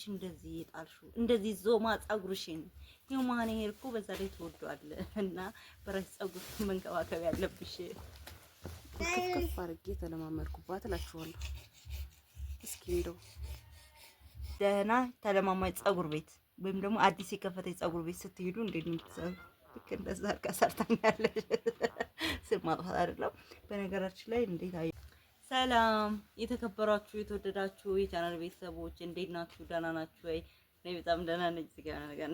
ፀጉርሽ እንደዚህ የጣልሽው እንደዚህ ዞማ ፀጉርሽን ይኸው ማን ይሄ እኮ በዛ ላይ ተወዷል። እና በራስ ፀጉር መንከባከብ ያለብሽ ከፍ አድርጌ ተለማመድኩባት እላችኋለሁ። እስኪ እንደው ደህና ተለማማጭ ፀጉር ቤት ወይም ደግሞ አዲስ የከፈተ ፀጉር ቤት ስትሄዱ እንዴት ነው የምትሰሩ? ልክ እንደዛ አድርጋ ሰርታኛለች። ስማ አይደለም በነገራችን ላይ እንዴት ሰላም የተከበራችሁ የተወደዳችሁ የቻናል ቤተሰቦች እንዴት ናችሁ? ደህና ናችሁ ወይ? እኔ በጣም ደህና ነኝ። ዝጋና ነገር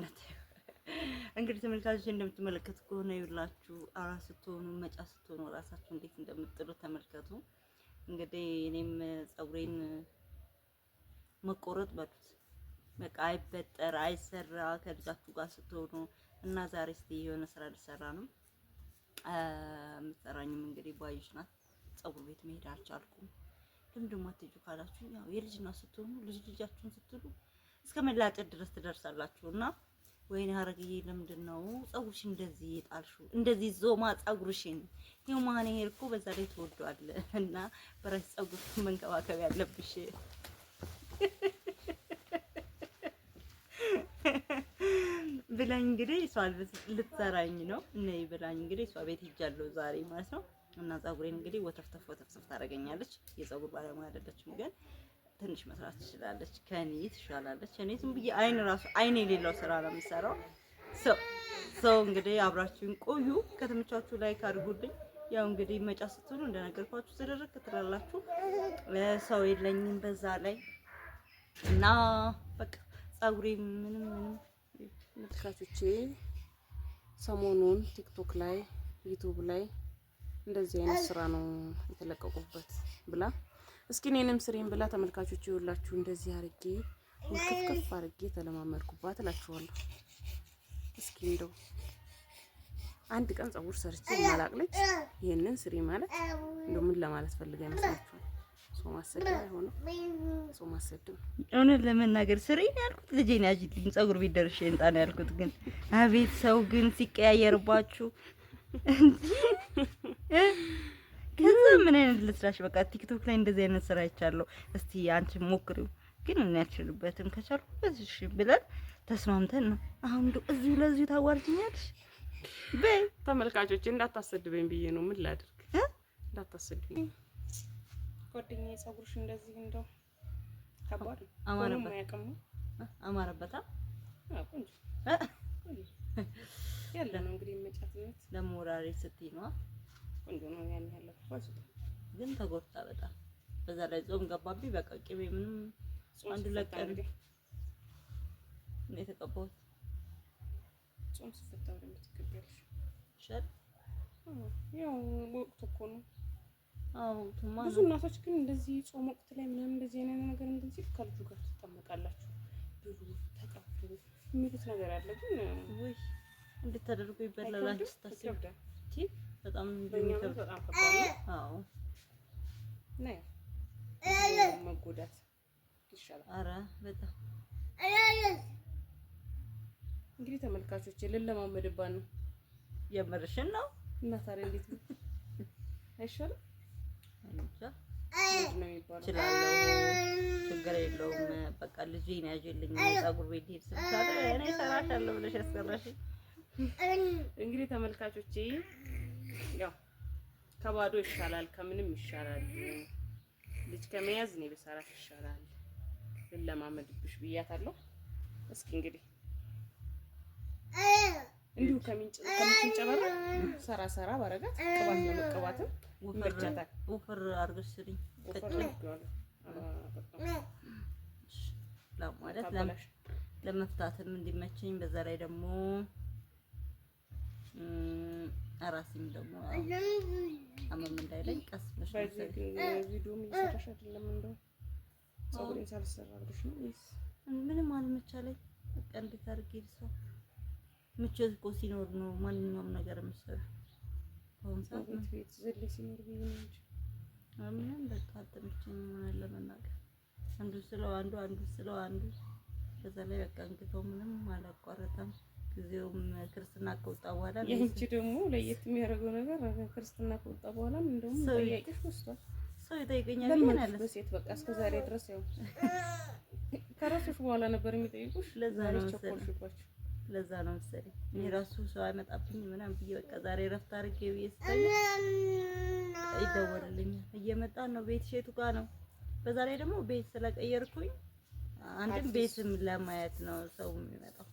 እንግዲህ ተመልካቾች እንደምትመለከቱ ከሆነ ይውላችሁ አራስ ስትሆኑ መጫ ስትሆኑ ራሳችሁ እንዴት እንደምትጥሉ ተመልከቱ። እንግዲህ እኔም ጸጉሬን መቆረጥ በሉት በቃ አይበጠር አይሰራ ከልጃችሁ ጋር ስትሆኑ እና ዛሬ እስኪ የሆነ ስራ ልሰራ ነው። የምትሰራኝም እንግዲህ ባዩሽ ናት ጸጉር ቤት መሄድ አልቻልኩም። ለምን ደግሞ አትሄጂው ካላችሁ ያው የልጅና እናት ስትሆኑ ልጅ ልጃችሁን ስትሉ እስከ መላጨት ድረስ ትደርሳላችሁ እና ወይኔ ሐረግዬ ለምንድን ነው ፀጉርሽን እንደዚህ የጣልሽው? እንደዚህ ዞማ ፀጉርሽን ይኸው ማን እኮ በዛ ላይ ተወዷል እና በራስ ጸጉር መንከባከብ ያለብሽ ብላኝ እንግዲህ እሷ ልትሰራኝ ነው እና ብላኝ እንግዲህ እሷ ቤት ሄጃለሁ ዛሬ ማለት ነው። እና ፀጉሬን እንግዲህ ወተፍተፍ ወተፍተፍ ታደርገኛለች። የፀጉር ባለሙያ አይደለችም ግን ትንሽ መስራት ትችላለች። ከኔ ትሻላለች። እኔ ዝም ብዬ አይን ራሱ አይን የሌለው ስራ ነው የምሰራው። ሰው እንግዲህ አብራችሁን ቆዩ። ከተመቻችሁ ላይክ አድርጉልኝ። ያው እንግዲህ መጫ ስትሉ እንደነገርኳችሁ ዝርርቅ ትላላችሁ። ሰው የለኝም በዛ ላይ እና በቃ ፀጉሬ ምንም ምንም ምትካቾቼ ሰሞኑን ቲክቶክ ላይ ዩቱብ ላይ እንደዚህ አይነት ስራ ነው የተለቀቁበት ብላ እስኪ እኔንም ስሬን ብላ ተመልካቾች ይውላችሁ እንደዚህ አርጌ ውልክፍክፍ አርጌ ተለማመድኩባት እላችኋለሁ። እስኪ እንደው አንድ ቀን ጸጉር ሰርቼ ማላቅለች ይህንን ስሪ ማለት እንደው ምን ለማለት ፈልጋ ይመስላችኋል? ሰው እውነት ለመናገር ስሪ ነው ያልኩት። ልጄን ነው ያጅልኝ ጸጉር ቤት ደርሼ እንጣ ነው ያልኩት። ግን አቤት ሰው ግን ሲቀያየርባችሁ ከዛ ምን አይነት ልስራሽ? በቃ ቲክቶክ ላይ እንደዚህ አይነት ስራ ይቻለሁ። እስቲ አንቺ ሞክሪው፣ ግን እኔ አልችልበትም። ከቻልኩ በዚህ እሺ ብለን ተስማምተን ነው አሁን። እንደው እዚሁ ለዚሁ ታዋርጅኛለሽ በይ። ተመልካቾች እንዳታሰድበኝ ብዬ ነው። ምን ላድርግ? እንዳታሰድበኝ ጓደኛዬ። ፀጉርሽ እንደዚህ እንደው ከባድ አማረበት፣ አማረበታ ያለ ነው እንግዲህ መጫትነት ለሞራሪ ስትይ ነዋ። ቆንጆ ነው ያን ያለው ግን ተጎድታ በጣም በዛ ላይ ጾም ገባብኝ። በቃ ቅቤ ምንም አንድ ለቀን ነው የተቀባሁት። ጾም ሲፈታ ወደ ምትቀበልሽ ያው ወቅቱ እኮ ነው። ብዙ እናቶች ግን እንደዚህ ጾም ወቅት ላይ ምናምን እንደዚህ አይነት ነገር እንደዚህ ከልጁ ጋር ትጠመቃላችሁ ብዙ ተቀብሉ የሚሉት ነገር አለ ግን እንዴት ተደርጎ ይበላል? አንቺ ስታስብ በጣም መጎዳት ይሻላል። ኧረ በጣም እንግዲህ ተመልካቾች ልለማመድባት ነው። የምርሽን ነው እና ታዲያ እንዴት ነው አይሻልም? ችግር የለውም በቃ ልጄን ያዥልኝ ፀጉር ቤት ሄድ ስልሽ እኔ እሰራሻለሁ ብለሽ ያስቀራሽኝ እንግዲህ ተመልካቾች ያው ከባዶ ይሻላል ከምንም ይሻላል። ልጅ ከመያዝ እኔ ብሰራሽ ይሻላል ልለማመድብሽ ብያታለሁ። እስኪ እንግዲህ እንዲሁ ከምንጭንጨበረ ሰራ ሰራ ባረጋት ቅባት ለመቀባትም ይመቻታል። ውፍር አድርገሽ ስሪኝ ማለት ለመፍታትም እንዲመቸኝ በዛ ላይ ደግሞ ራሴም ደግሞ አመም እንዳይለኝ ቀስ ብለሽ ምንም አልመቻለኝ። በቃ እንዴት አድርጌ ልስራ? ምቾት እኮ ሲኖር ነው ማንኛውም ነገር የምትሰሩ። በአሁኑ ሰዓት ምንም በቃ አልተመቸኝም። ሆነ ለመናገር አንዱ ስለው አንዱ አንዱ ስለው አንዱ በዛ ላይ በቃ እንግተው ምንም አላቋረጠም። ጊዜውም ክርስትና ከወጣ በኋላ የእጅ ደግሞ ለየት የሚያደርገው ነገር ክርስትና ከወጣ በኋላ እንደውም ጠያቂሽ ወስቷል። ሰው ይጠይቀኛል ይሆናል ሴት በቃ እስከ ዛሬ ድረስ ያው ከራስሽ በኋላ ነበር የሚጠይቁሽ። ለዛ ነው ቸኮልሽባቸው። ለዛ ነው መሰለኝ እኔ ራሱ ሰው አይመጣብኝ ምናምን ብዬ በቃ ዛሬ ረፍት አድርጌ ብዬ ስታይ ይደወልልኛል። እየመጣ ነው ቤት ሼቱ ጋር ነው። በዛ ላይ ደግሞ ቤት ስለቀየርኩኝ አንድም ቤትም ለማየት ነው ሰው የሚመጣው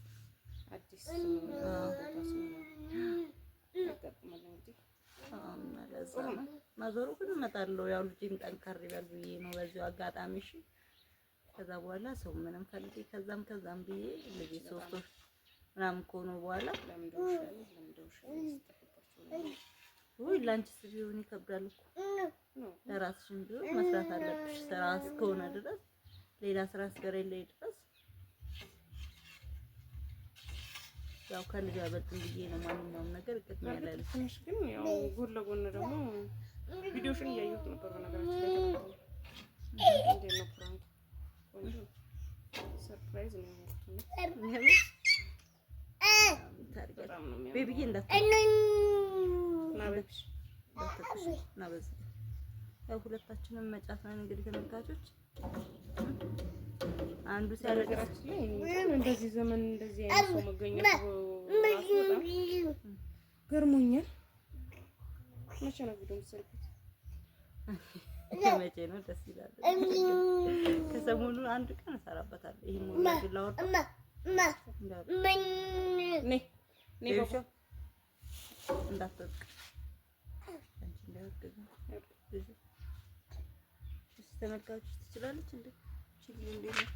አዲስ ነገሩ ግን እመጣለሁ። ያው ልጅም ጠንከር ይበል ብዬ ነው በዚሁ አጋጣሚ እሺ። ከዛ በኋላ ሰው ምንም ፈልጌ ከዛም ከዛም ብዬ ልጅ ሶስት ወር ምናምን ከሆነ በኋላ ውይ ላንቺስ ቢሆን ይከብዳል እኮ ለራስሽም ቢሆን መስራት አለብሽ። ስራ እስከሆነ ድረስ ሌላ ስራ እስከሌለኝ ድረስ ያው ከልጅ አበልጥም ብዬ ነው ማንኛውም ነገር ቅድም ትንሽ ግን ያው ጎን ለጎን ደግሞ ቪዲዮሽን እያየሁት ነበር። በነገራችን ነው ሰርፕራይዝ ነው ያው ሁለታችንም መጫት ነን እንግዲህ ተመልካቾች አንዱ በነገራችን እንደዚህ ዘመን እንደዚህ አይነት መገኘት ገርሞኛል። መቼ ነው ቪዲዮ መቼ ነው? ደስ ይላል። ከሰሞኑ አንድ ቀን እሰራበታለሁ። እንዳትወድቅ ተመልካቾች ትችላለች ይላችሁ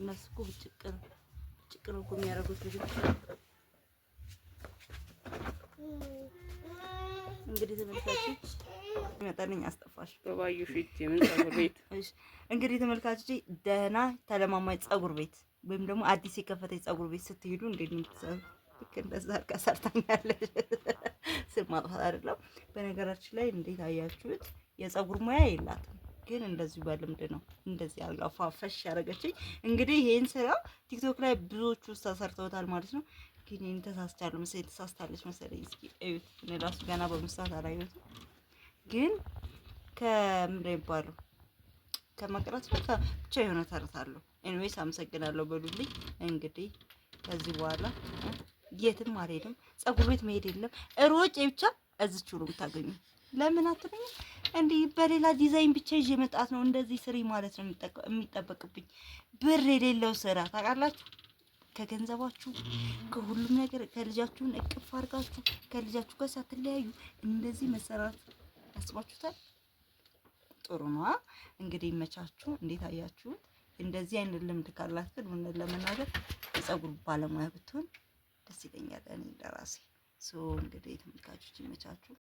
እነሱ እኮ ብጭቅ ነው እኮ የሚያደርጉት ልጆች። እንግዲህ ተመልካቾች አስጠፋሽ ቤት። እንግዲህ ተመልካቾች ደህና ተለማማኝ ፀጉር ቤት ወይም ደግሞ አዲስ የከፈተ ፀጉር ቤት ስትሄዱ እንዴት ነው ልክ እንደዛ አድርጋ ሰርታኛለች። ስም ማጥፋት አይደለም በነገራችን ላይ እንዴት አያችሁት? የፀጉር ሙያ የላትም፣ ግን እንደዚሁ በልምድ ነው እንደዚህ አፏፈሽ ያደረገችኝ። እንግዲህ ይህን ስራ ቲክቶክ ላይ ብዙዎቹ ተሰርተውታል ማለት ነው። ግን ይህን ተሳስቻለሁ መሰለኝ ተሳስታለች መሰለኝ። እስኪ እዩት፣ እራሱ ገና በመስራት አላየሁትም። ግን ከምንድን ነው የሚባለው ከመቅረት ነው ብቻ የሆነ ተርታለሁ። ኤንዌይስ አመሰግናለሁ በሉልኝ። እንግዲህ ከዚህ በኋላ የትም አልሄድም፣ ጸጉር ቤት መሄድ የለም። ሮጬ ብቻ እዝችው ነው የምታገኙ። ለምን አትሉኝ? እንዲህ በሌላ ዲዛይን ብቻ ይዤ መጣት ነው። እንደዚህ ስሪ ማለት ነው የሚጠበቅብኝ። ብር የሌለው ስራ ታውቃላችሁ። ከገንዘባችሁ ከሁሉም ነገር ከልጃችሁን እቅፍ አድርጋችሁ ከልጃችሁ ጋር ሳትለያዩ እንደዚህ መሰራት አስባችሁታል? ጥሩ ነዋ። እንግዲህ ይመቻችሁ። እንዴት አያችሁት? እንደዚህ አይነት ልምድ ካላት ግን እውነት ለመናገር የጸጉር ባለሙያ ብትሆን ደስ ይለኛል እኔ ለራሴ። ሶ እንግዲህ ተመልካቾች ይመቻችሁ።